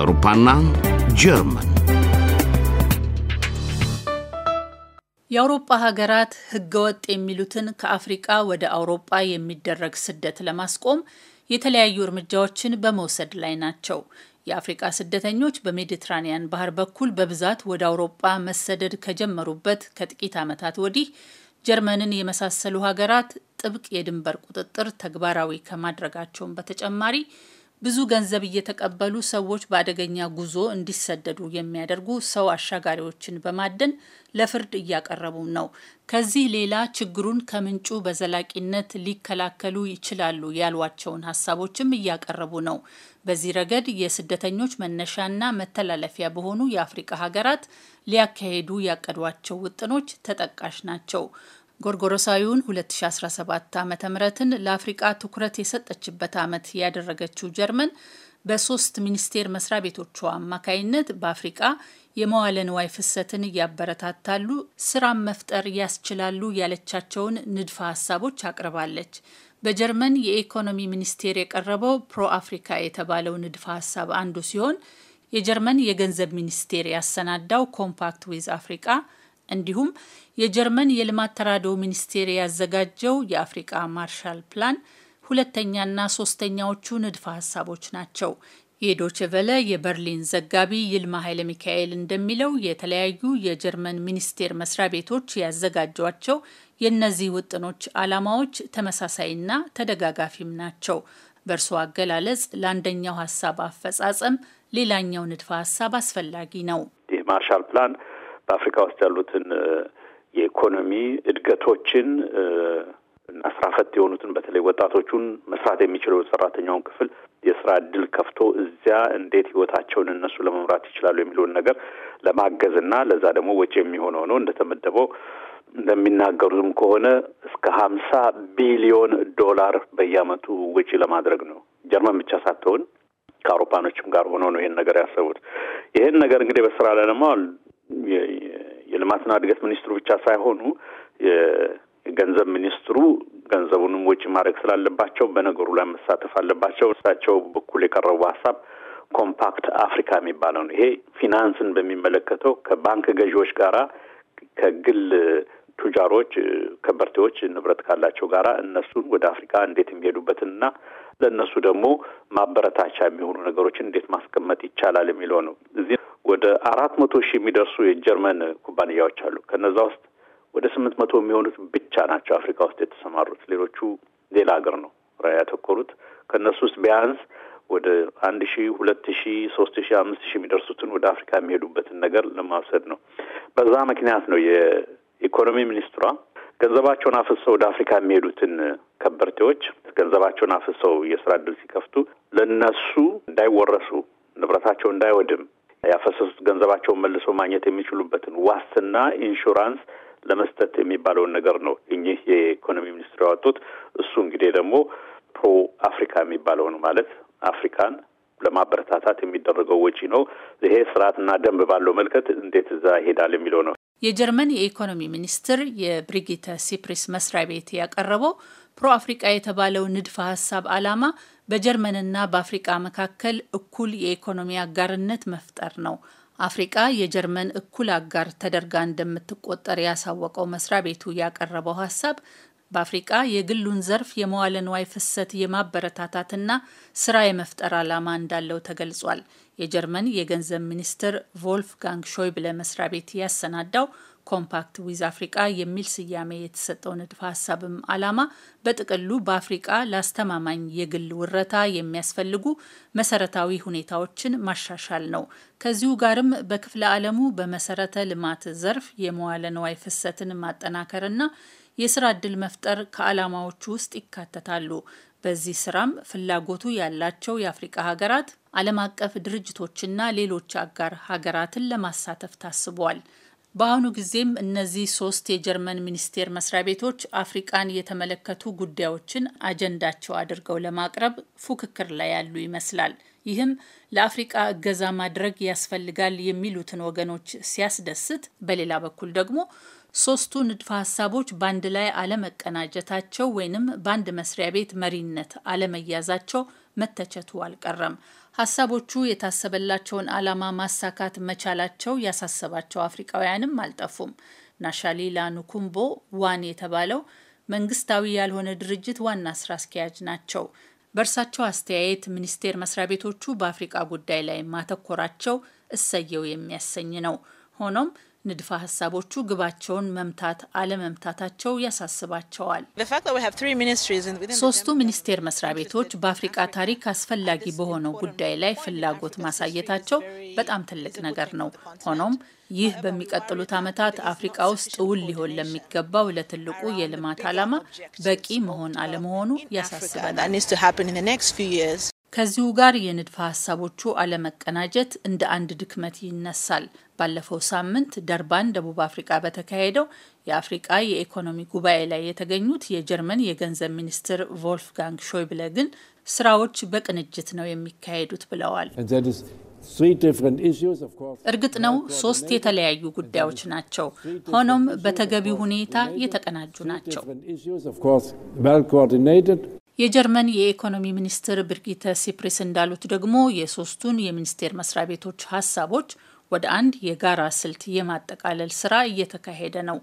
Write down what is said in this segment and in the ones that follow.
አውሮፓና ጀርመን የአውሮፓ ሀገራት ህገወጥ የሚሉትን ከአፍሪቃ ወደ አውሮፓ የሚደረግ ስደት ለማስቆም የተለያዩ እርምጃዎችን በመውሰድ ላይ ናቸው። የአፍሪቃ ስደተኞች በሜዲትራኒያን ባህር በኩል በብዛት ወደ አውሮጳ መሰደድ ከጀመሩበት ከጥቂት ዓመታት ወዲህ ጀርመንን የመሳሰሉ ሀገራት ጥብቅ የድንበር ቁጥጥር ተግባራዊ ከማድረጋቸውን በተጨማሪ ብዙ ገንዘብ እየተቀበሉ ሰዎች በአደገኛ ጉዞ እንዲሰደዱ የሚያደርጉ ሰው አሻጋሪዎችን በማደን ለፍርድ እያቀረቡ ነው። ከዚህ ሌላ ችግሩን ከምንጩ በዘላቂነት ሊከላከሉ ይችላሉ ያሏቸውን ሀሳቦችም እያቀረቡ ነው። በዚህ ረገድ የስደተኞች መነሻና መተላለፊያ በሆኑ የአፍሪቃ ሀገራት ሊያካሄዱ ያቀዷቸው ውጥኖች ተጠቃሽ ናቸው። ጎርጎሮሳዊውን 2017 ዓ ምትን ለአፍሪቃ ትኩረት የሰጠችበት ዓመት ያደረገችው ጀርመን በሶስት ሚኒስቴር መስሪያ ቤቶቿ አማካይነት በአፍሪቃ የመዋለ ንዋይ ፍሰትን እያበረታታሉ፣ ስራም መፍጠር ያስችላሉ ያለቻቸውን ንድፈ ሀሳቦች አቅርባለች። በጀርመን የኢኮኖሚ ሚኒስቴር የቀረበው ፕሮ አፍሪካ የተባለው ንድፈ ሀሳብ አንዱ ሲሆን የጀርመን የገንዘብ ሚኒስቴር ያሰናዳው ኮምፓክት ዊዝ አፍሪቃ እንዲሁም የጀርመን የልማት ተራድኦ ሚኒስቴር ያዘጋጀው የአፍሪቃ ማርሻል ፕላን ሁለተኛና ሶስተኛዎቹ ንድፈ ሀሳቦች ናቸው። የዶችቨለ የበርሊን ዘጋቢ ይልማ ኃይለ ሚካኤል እንደሚለው የተለያዩ የጀርመን ሚኒስቴር መስሪያ ቤቶች ያዘጋጇቸው የእነዚህ ውጥኖች ዓላማዎች ተመሳሳይና ተደጋጋፊም ናቸው። በእርሶ አገላለጽ ለአንደኛው ሀሳብ አፈጻጸም ሌላኛው ንድፈ ሀሳብ አስፈላጊ ነው። ይህ ማርሻል ፕላን በአፍሪካ ውስጥ ያሉትን የኢኮኖሚ እድገቶችን እና ስራ ፈት የሆኑትን በተለይ ወጣቶቹን መስራት የሚችለው ሰራተኛውን ክፍል የስራ እድል ከፍቶ እዚያ እንዴት ህይወታቸውን እነሱ ለመምራት ይችላሉ የሚለውን ነገር ለማገዝ እና ለዛ ደግሞ ወጪ የሚሆነው ነው እንደተመደበው እንደሚናገሩትም ከሆነ እስከ ሀምሳ ቢሊዮን ዶላር በየአመቱ ወጪ ለማድረግ ነው። ጀርመን ብቻ ሳትሆን ከአውሮፓኖችም ጋር ሆኖ ነው ይሄን ነገር ያሰቡት። ይህን ነገር እንግዲህ በስራ ላይ ደግሞ የልማትና እድገት ሚኒስትሩ ብቻ ሳይሆኑ የገንዘብ ሚኒስትሩ ገንዘቡንም ወጪ ማድረግ ስላለባቸው በነገሩ ላይ መሳተፍ አለባቸው። እርሳቸው በኩል የቀረቡ ሀሳብ ኮምፓክት አፍሪካ የሚባለው ነው። ይሄ ፊናንስን በሚመለከተው ከባንክ ገዢዎች ጋራ ከግል ቱጃሮች፣ ከበርቴዎች ንብረት ካላቸው ጋራ እነሱን ወደ አፍሪካ እንዴት የሚሄዱበትንና ለእነሱ ደግሞ ማበረታቻ የሚሆኑ ነገሮችን እንዴት ማስቀመጥ ይቻላል የሚለው ነው እዚህ ወደ አራት መቶ ሺህ የሚደርሱ የጀርመን ኩባንያዎች አሉ። ከነዛ ውስጥ ወደ ስምንት መቶ የሚሆኑት ብቻ ናቸው አፍሪካ ውስጥ የተሰማሩት። ሌሎቹ ሌላ ሀገር ነው ራ ያተኮሩት። ከእነሱ ውስጥ ቢያንስ ወደ አንድ ሺ ሁለት ሺ ሶስት ሺ አምስት ሺ የሚደርሱትን ወደ አፍሪካ የሚሄዱበትን ነገር ለማውሰድ ነው። በዛ ምክንያት ነው የኢኮኖሚ ሚኒስትሯ ገንዘባቸውን አፍሰው ወደ አፍሪካ የሚሄዱትን ከበርቴዎች ገንዘባቸውን አፍሰው የስራ እድል ሲከፍቱ ለነሱ እንዳይወረሱ ንብረታቸው እንዳይወድም ያፈሰሱት ገንዘባቸውን መልሶ ማግኘት የሚችሉበትን ዋስትና ኢንሹራንስ ለመስጠት የሚባለውን ነገር ነው እኚህ የኢኮኖሚ ሚኒስትር ያወጡት። እሱ እንግዲህ ደግሞ ፕሮ አፍሪካ የሚባለውን ማለት አፍሪካን ለማበረታታት የሚደረገው ወጪ ነው። ይሄ ስርዓትና ደንብ ባለው መልከት እንዴት እዛ ይሄዳል የሚለው ነው። የጀርመን የኢኮኖሚ ሚኒስትር የብሪጊተ ሲፕሪስ መስሪያ ቤት ያቀረበው ፕሮ አፍሪቃ የተባለው ንድፈ ሀሳብ ዓላማ በጀርመንና በአፍሪቃ መካከል እኩል የኢኮኖሚ አጋርነት መፍጠር ነው። አፍሪቃ የጀርመን እኩል አጋር ተደርጋ እንደምትቆጠር ያሳወቀው መስሪያ ቤቱ ያቀረበው ሀሳብ በአፍሪቃ የግሉን ዘርፍ የመዋለንዋይ ፍሰት የማበረታታትና ስራ የመፍጠር ዓላማ እንዳለው ተገልጿል። የጀርመን የገንዘብ ሚኒስትር ቮልፍጋንግ ሾይብለ መስሪያ ቤት ያሰናዳው ኮምፓክት ዊዝ አፍሪቃ የሚል ስያሜ የተሰጠው ንድፈ ሀሳብም ዓላማ በጥቅሉ በአፍሪቃ ለአስተማማኝ የግል ውረታ የሚያስፈልጉ መሰረታዊ ሁኔታዎችን ማሻሻል ነው። ከዚሁ ጋርም በክፍለ ዓለሙ በመሰረተ ልማት ዘርፍ የመዋለ ንዋይ ፍሰትን ማጠናከርና የስራ እድል መፍጠር ከዓላማዎቹ ውስጥ ይካተታሉ። በዚህ ስራም ፍላጎቱ ያላቸው የአፍሪቃ ሀገራት ዓለም አቀፍ ድርጅቶችና ሌሎች አጋር ሀገራትን ለማሳተፍ ታስቧል። በአሁኑ ጊዜም እነዚህ ሶስት የጀርመን ሚኒስቴር መስሪያ ቤቶች አፍሪቃን የተመለከቱ ጉዳዮችን አጀንዳቸው አድርገው ለማቅረብ ፉክክር ላይ ያሉ ይመስላል። ይህም ለአፍሪቃ እገዛ ማድረግ ያስፈልጋል የሚሉትን ወገኖች ሲያስደስት፣ በሌላ በኩል ደግሞ ሶስቱ ንድፈ ሀሳቦች በአንድ ላይ አለመቀናጀታቸው ወይንም በአንድ መስሪያ ቤት መሪነት አለመያዛቸው መተቸቱ አልቀረም። ሀሳቦቹ የታሰበላቸውን ዓላማ ማሳካት መቻላቸው ያሳሰባቸው አፍሪቃውያንም አልጠፉም። ናሻሊላ ኑኩምቦ ዋን የተባለው መንግስታዊ ያልሆነ ድርጅት ዋና ስራ አስኪያጅ ናቸው። በእርሳቸው አስተያየት ሚኒስቴር መስሪያ ቤቶቹ በአፍሪቃ ጉዳይ ላይ ማተኮራቸው እሰየው የሚያሰኝ ነው። ሆኖም ንድፈ ሀሳቦቹ ግባቸውን መምታት አለመምታታቸው ያሳስባቸዋል። ሶስቱ ሚኒስቴር መስሪያ ቤቶች በአፍሪቃ ታሪክ አስፈላጊ በሆነው ጉዳይ ላይ ፍላጎት ማሳየታቸው በጣም ትልቅ ነገር ነው። ሆኖም ይህ በሚቀጥሉት ዓመታት አፍሪቃ ውስጥ ውል ሊሆን ለሚገባው ለትልቁ የልማት ዓላማ በቂ መሆን አለመሆኑ ያሳስበናል። ከዚሁ ጋር የንድፈ ሀሳቦቹ አለመቀናጀት እንደ አንድ ድክመት ይነሳል። ባለፈው ሳምንት ደርባን፣ ደቡብ አፍሪቃ በተካሄደው የአፍሪቃ የኢኮኖሚ ጉባኤ ላይ የተገኙት የጀርመን የገንዘብ ሚኒስትር ቮልፍጋንግ ሾይብለ ግን ስራዎች በቅንጅት ነው የሚካሄዱት ብለዋል። እርግጥ ነው ሶስት የተለያዩ ጉዳዮች ናቸው። ሆኖም በተገቢ ሁኔታ የተቀናጁ ናቸው። የጀርመን የኢኮኖሚ ሚኒስትር ብርጊተ ሲፕሪስ እንዳሉት ደግሞ የሶስቱን የሚኒስቴር መስሪያ ቤቶች ሀሳቦች ወደ አንድ የጋራ ስልት የማጠቃለል ስራ እየተካሄደ ነው።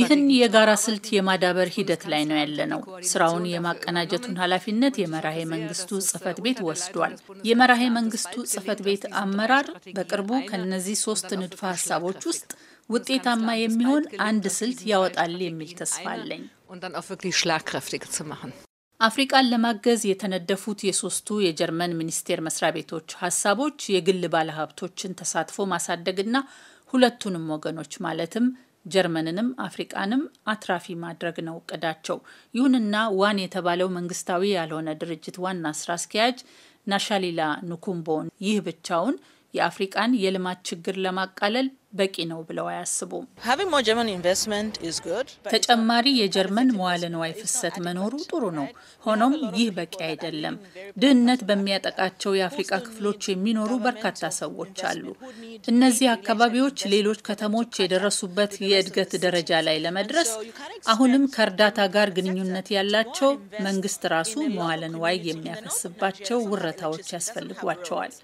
ይህን የጋራ ስልት የማዳበር ሂደት ላይ ነው ያለነው። ስራውን የማቀናጀቱን ኃላፊነት የመራሄ መንግስቱ ጽህፈት ቤት ወስዷል። የመራሄ መንግስቱ ጽህፈት ቤት አመራር በቅርቡ ከነዚህ ሶስት ንድፈ ሀሳቦች ውስጥ ውጤታማ የሚሆን አንድ ስልት ያወጣል የሚል ተስፋ አለኝ። Und dann auch wirklich schlagkräftig zu machen. አፍሪቃን ለማገዝ የተነደፉት የሶስቱ የጀርመን ሚኒስቴር መስሪያ ቤቶች ሀሳቦች የግል ባለሀብቶችን ተሳትፎ ማሳደግና ሁለቱንም ወገኖች ማለትም ጀርመንንም አፍሪቃንም አትራፊ ማድረግ ነው እቅዳቸው። ይሁንና ዋን የተባለው መንግስታዊ ያልሆነ ድርጅት ዋና ስራ አስኪያጅ ናሻሊላ ንኩምቦን ይህ ብቻውን የአፍሪቃን የልማት ችግር ለማቃለል በቂ ነው ብለው አያስቡም። ተጨማሪ የጀርመን መዋለ ንዋይ ፍሰት መኖሩ ጥሩ ነው። ሆኖም ይህ በቂ አይደለም። ድህነት በሚያጠቃቸው የአፍሪቃ ክፍሎች የሚኖሩ በርካታ ሰዎች አሉ። እነዚህ አካባቢዎች ሌሎች ከተሞች የደረሱበት የእድገት ደረጃ ላይ ለመድረስ አሁንም ከእርዳታ ጋር ግንኙነት ያላቸው መንግስት ራሱ መዋለ ንዋይ የሚያፈስባቸው ውረታዎች ያስፈልጓቸዋል።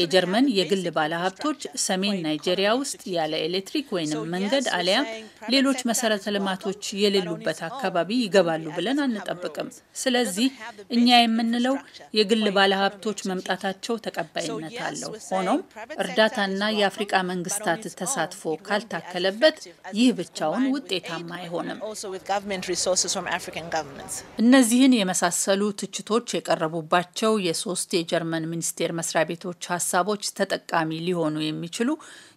የጀርመን የግል ባለሀብቶች ሰሜን ናይጄሪያ ውስጥ ያለ ኤሌክትሪክ ወይንም መንገድ አሊያም ሌሎች መሰረተ ልማቶች የሌሉበት አካባቢ ይገባሉ ብለን አንጠብቅም። ስለዚህ እኛ የምንለው የግል ባለሀብቶች መምጣታቸው ተቀባይነት አለው። ሆኖም እርዳታና የአፍሪቃ መንግስታት ተሳትፎ ካልታከለበት ይህ ብቻውን ውጤታማ አይሆንም። እነዚህን የመሳሰሉ ትችቶች የቀረቡባቸው የሶስት የጀርመን ሚኒስቴር መስሪያ ቤቶች ሀሳቦች ተጠቃሚ ሊሆኑ የሚችሉ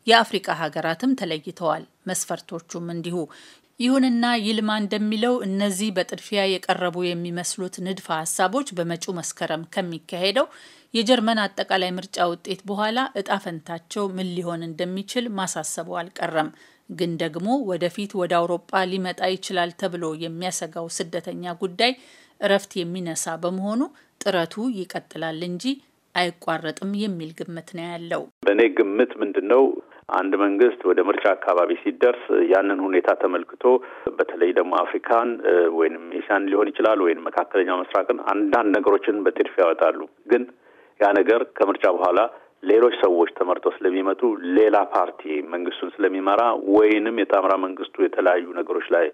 የአፍሪቃ ሀገራትም ተለይተዋል። መስፈርቶቹም እንዲሁ። ይሁንና ይልማ እንደሚለው እነዚህ በጥድፊያ የቀረቡ የሚመስሉት ንድፈ ሀሳቦች በመጪው መስከረም ከሚካሄደው የጀርመን አጠቃላይ ምርጫ ውጤት በኋላ እጣ ፈንታቸው ምን ሊሆን እንደሚችል ማሳሰቡ አልቀረም። ግን ደግሞ ወደፊት ወደ አውሮጳ ሊመጣ ይችላል ተብሎ የሚያሰጋው ስደተኛ ጉዳይ እረፍት የሚነሳ በመሆኑ ጥረቱ ይቀጥላል እንጂ አይቋረጥም የሚል ግምት ነው ያለው። በእኔ ግምት ምንድን ነው አንድ መንግስት ወደ ምርጫ አካባቢ ሲደርስ ያንን ሁኔታ ተመልክቶ በተለይ ደግሞ አፍሪካን ወይም ኤሽያን ሊሆን ይችላል ወይም መካከለኛው ምስራቅን አንዳንድ ነገሮችን በትድፍ ያወጣሉ። ግን ያ ነገር ከምርጫ በኋላ ሌሎች ሰዎች ተመርጠው ስለሚመጡ ሌላ ፓርቲ መንግስቱን ስለሚመራ ወይንም የጣምራ መንግስቱ የተለያዩ ነገሮች ላይ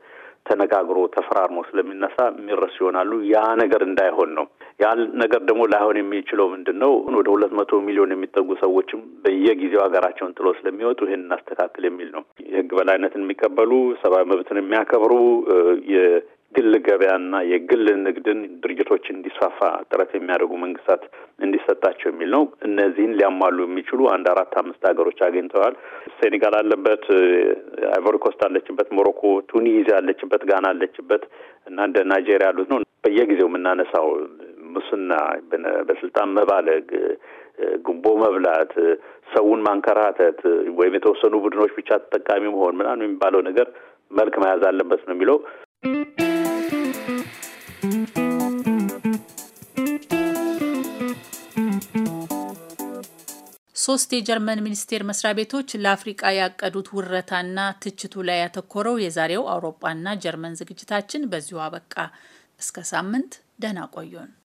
ተነጋግሮ ተፈራርሞ ስለሚነሳ የሚረሱ ይሆናሉ። ያ ነገር እንዳይሆን ነው። ያ ነገር ደግሞ ላይሆን የሚችለው ምንድን ነው? ወደ ሁለት መቶ ሚሊዮን የሚጠጉ ሰዎችም በየጊዜው ሀገራቸውን ጥሎ ስለሚወጡ ይህን እናስተካክል የሚል ነው። የህግ በላይነትን የሚቀበሉ ሰብአዊ መብትን የሚያከብሩ የግል ገበያና የግል ንግድን ድርጅቶች እንዲስፋፋ ጥረት የሚያደርጉ መንግስታት እንዲሰጣቸው የሚል ነው። እነዚህን ሊያሟሉ የሚችሉ አንድ አራት አምስት ሀገሮች አግኝተዋል። ሴኔጋል አለበት፣ አይቨሪኮስት አለችበት፣ ሞሮኮ፣ ቱኒዝ ያለችበት፣ ጋና አለችበት እና እንደ ናይጄሪያ ያሉት ነው። በየጊዜው የምናነሳው ሙስና፣ በስልጣን መባለግ፣ ጉቦ መብላት፣ ሰውን ማንከራተት ወይም የተወሰኑ ቡድኖች ብቻ ተጠቃሚ መሆን ምናምን የሚባለው ነገር መልክ መያዝ አለበት ነው የሚለው ሶስት የጀርመን ሚኒስቴር መስሪያ ቤቶች ለአፍሪቃ ያቀዱት ውረታና ትችቱ ላይ ያተኮረው የዛሬው አውሮፓና ጀርመን ዝግጅታችን በዚሁ አበቃ። እስከ ሳምንት ደህና ቆዩን።